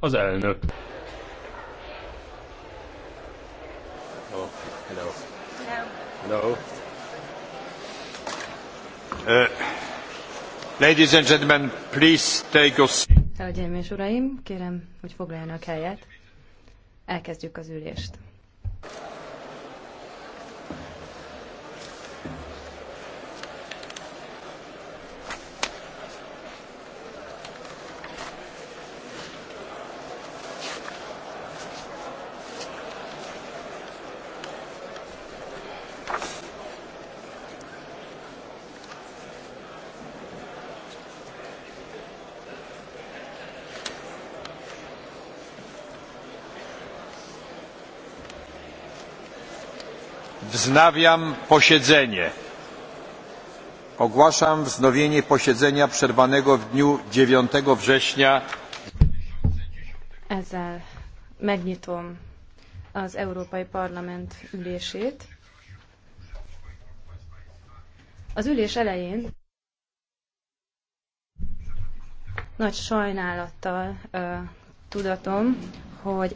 az elnök. Hello. Hello. Uh, ladies and gentlemen, please take Hölgyeim és uraim, kérem, hogy foglaljanak helyet. Elkezdjük az ülést. Wznawiam posiedzenie. Ogłaszam wznowienie posiedzenia przerwanego w dniu 9 września. Ezzel megnyitom az Európai Parlament ülését. Az ülés elején nagy sajnálattal uh, tudatom, hogy